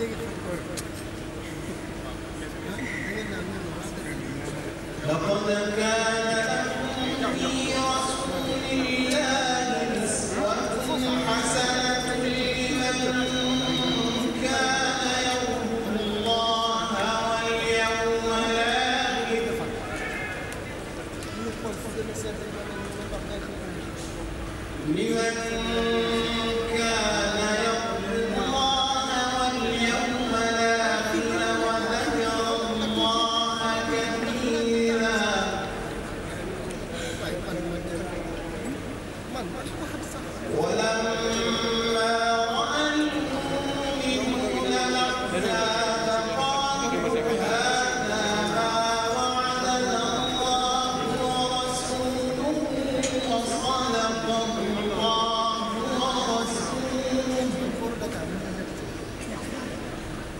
لقد كان في رسول الله أسوة حسنة لمن كان يرجو الله واليوم الآخر لمن